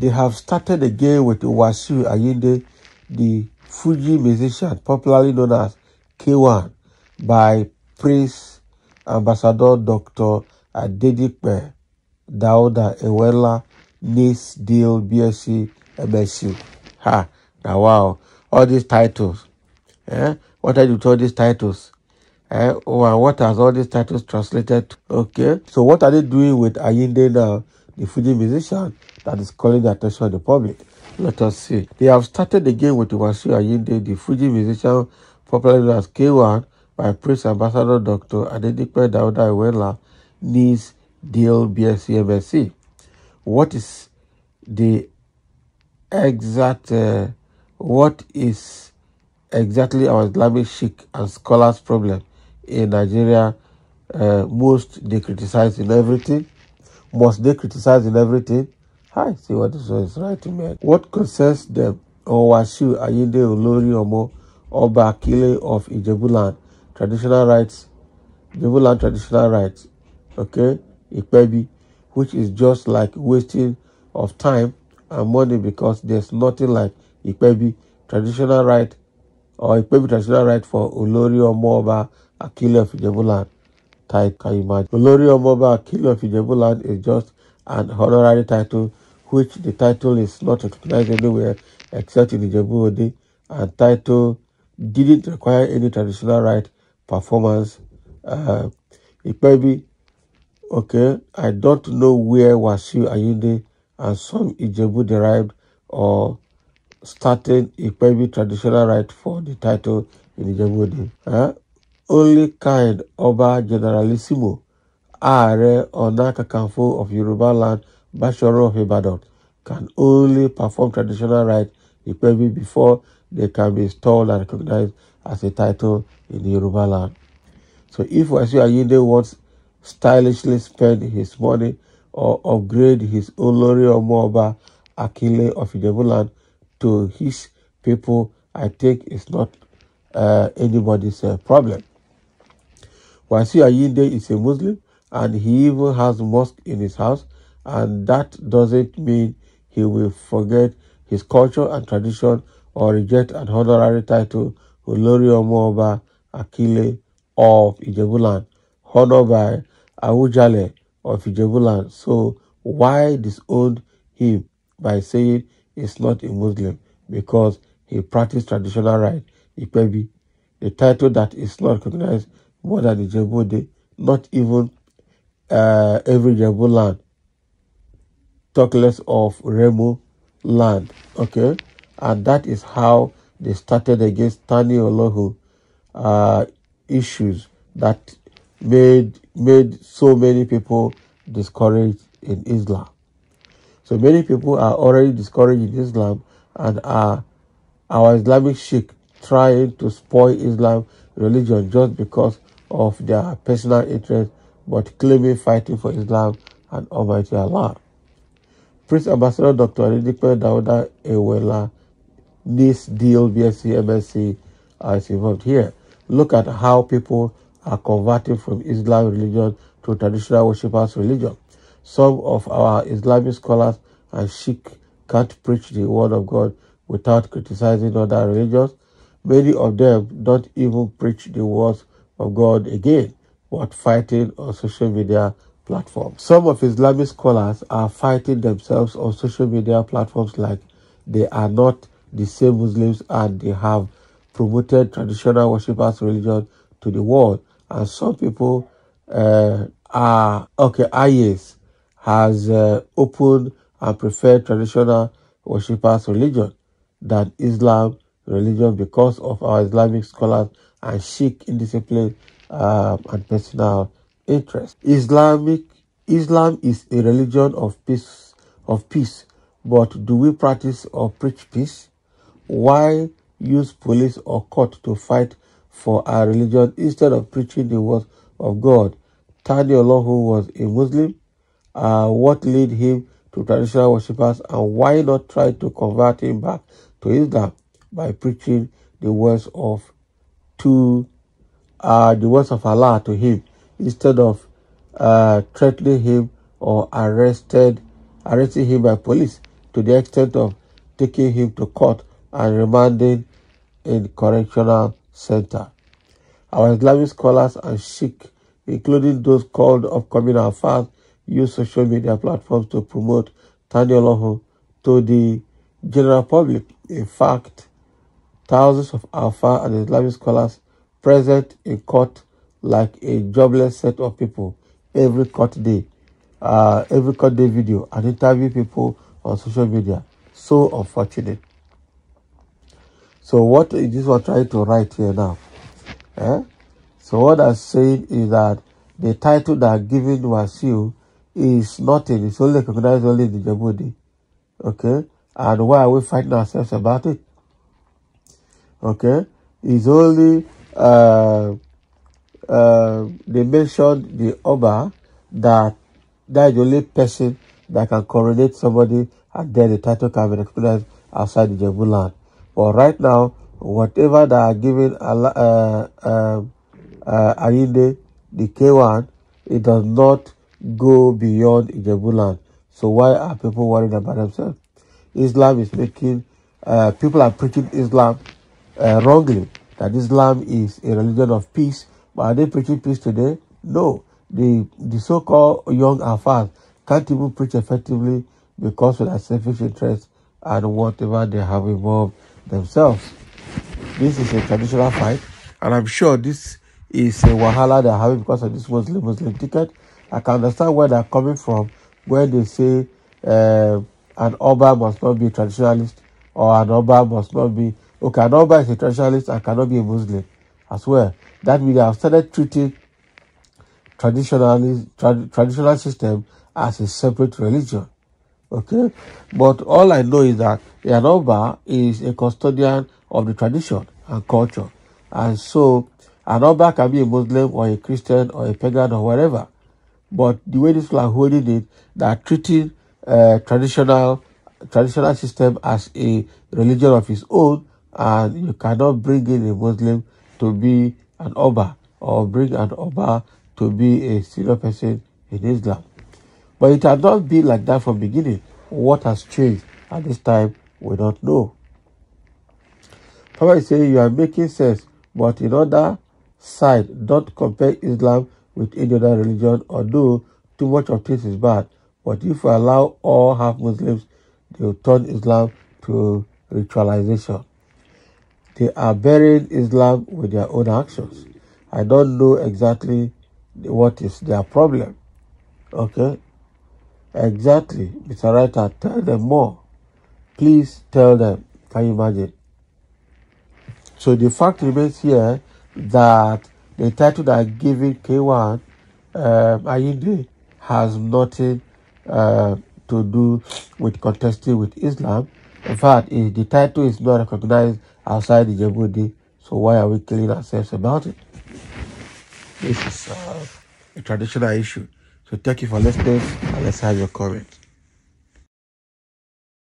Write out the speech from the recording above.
They have started again with Wasu Ayinde, the Fuji musician, popularly known as K1, by Prince Ambassador Dr. Adedipe Dauda Ewela Nis Deal BSc MSc. Ha! Now wow, all these titles. Eh? What are you told all these titles? Eh? Oh, what has all these titles translated Okay, so what are they doing with Ayinde now? the Fuji musician that is calling the attention of the public. Let us see. They have started the game with Iwasu Ayinde, the Fuji musician popularly known as K1, by Prince Ambassador Dr. Adedipe Dauda Iwela, NIS Deal BSc MSc. What is the exact, uh, what is exactly our Islamic Sheikh and scholars problem in Nigeria? Uh, most they criticize in everything must they criticize in everything? Hi, see what this is writing me. What concerns them? Onwashu Ayinde Olori Omo or Akile of Ijebuland, traditional rights, Ijebuland traditional rights, okay, Ikpebi, which is just like wasting of time and money because there's nothing like Ikpebi traditional right or Ikpebi traditional right for Olori Omo Oba Akile of Ijebuland title imagine. Olori Omoba Akilo of Ijebuland is just an honorary title, which the title is not recognized anywhere except in Ijebu Ode, and title didn't require any traditional right performance. Uh, it may be, okay, I don't know where Wasiu Ayinde and some Ijebu derived or started a maybe traditional right for the title in Ijebu Ode. Uh, only kind Oba Generalissimo, Are Ona Kakanfo of Yoruba land, Bashoro of Ibadan, can only perform traditional rites before they can be installed and recognized as a title in Yoruba land. So if Wasiu Ayinde wants stylishly spend his money or upgrade his Olori Omoba Akile of land to his people, I think it's not uh, anybody's uh, problem. Wasi Ayinde is a Muslim and he even has mosque in his house and that doesn't mean he will forget his culture and tradition or reject an honorary title Olori Omoba Akile of Ijebuland, honored by Awujale of Ijebuland. So why disown him by saying he's not a Muslim? Because he practiced traditional right, Ipebi, a title that is not recognized more than the Jebu day, not even uh, every Jebu land. Talk less of Remu land. Okay? And that is how they started against Tani Olohu uh, issues that made made so many people discouraged in Islam. So many people are already discouraged in Islam and are our Islamic Sheikh trying to spoil Islam religion just because of their personal interest but claiming fighting for Islam and Almighty Allah. Prince Ambassador Dr. Adedipe Dauda Ewela, this deal BSc MSc is involved here. Look at how people are converting from Islam religion to traditional worshippers religion. Some of our Islamic scholars and sheikh can't preach the word of God without criticizing other religions Many of them don't even preach the words of God again, What fighting on social media platforms. Some of Islamic scholars are fighting themselves on social media platforms like they are not the same Muslims and they have promoted traditional worshippers' religion to the world. And some people uh, are, okay, IS has uh, opened and preferred traditional worshippers' religion than Islam religion because of our Islamic scholars and Sikh indiscipline um, and personal interest. Islamic Islam is a religion of peace, of peace, but do we practice or preach peace? Why use police or court to fight for our religion instead of preaching the word of God? Tani who was a Muslim. Uh, what led him to traditional worshippers and why not try to convert him back to Islam? by preaching the words of to uh, the words of Allah to him instead of uh, threatening him or arrested arresting him by police to the extent of taking him to court and remanding in correctional center. Our Islamic scholars and Sikh, including those called upcoming Afars, use social media platforms to promote Tanioloho to the general public. In fact, Thousands of Alpha and Islamic scholars present in court like a jobless set of people every court day, uh, every court day video and interview people on social media. So unfortunate. So what is this we're trying to write here now? Eh? So what I'm saying is that the title that given am giving you is nothing. It's only recognized only in the Djibouti. Okay? And why are we fighting ourselves about it? okay, is only uh, uh, they mentioned the Oba that that is the only person that can coronate somebody and then the title can be recognized outside the Jammu land. But right now, whatever they are giving uh, uh, uh, Ayinde, the K1, it does not go beyond Ijebu land. So why are people worried about themselves? Islam is making, uh, people are preaching Islam uh, wrongly that Islam is a religion of peace. But are they preaching peace today? No. The, the so-called young Afars can't even preach effectively because of their selfish interests and whatever they have involved themselves. This is a traditional fight, and I'm sure this is a wahala they're having because of this Muslim-Muslim ticket. I can understand where they're coming from when they say uh, an Oba must not be traditionalist or an Oba must not be okay, Adoba is a traditionalist and cannot be a Muslim as well. That means they have started treating traditionalist, traditional system as a separate religion. Okay? But all I know is that Yanoba is a custodian of the tradition and culture. And so, Anoba can be a Muslim or a Christian or a pagan or whatever. But the way these people are holding it, they are treating uh, traditional traditional system as a religion of its own and uh, you cannot bring in a Muslim to be an Oba or bring an Oba to be a senior person in Islam. But it had not been like that from beginning. What has changed at this time, we don't know. Papa is saying you are making sense, but in other side, don't compare Islam with any other religion, although too much of this is bad. But if we allow all half Muslims, they will turn Islam to ritualization. They are burying Islam with their own actions. I don't know exactly what is their problem. Okay? Exactly. Mr. Writer, tell them more. Please tell them. Can you imagine? So the fact remains here that the title that I give it, K1, um, Ayinde, has nothing uh, to do with contesting with Islam. In fact, the title is not recognized outside the Djibouti. So why are we killing ourselves about it? This is uh, a traditional issue. So thank you for listening and let's have your comment.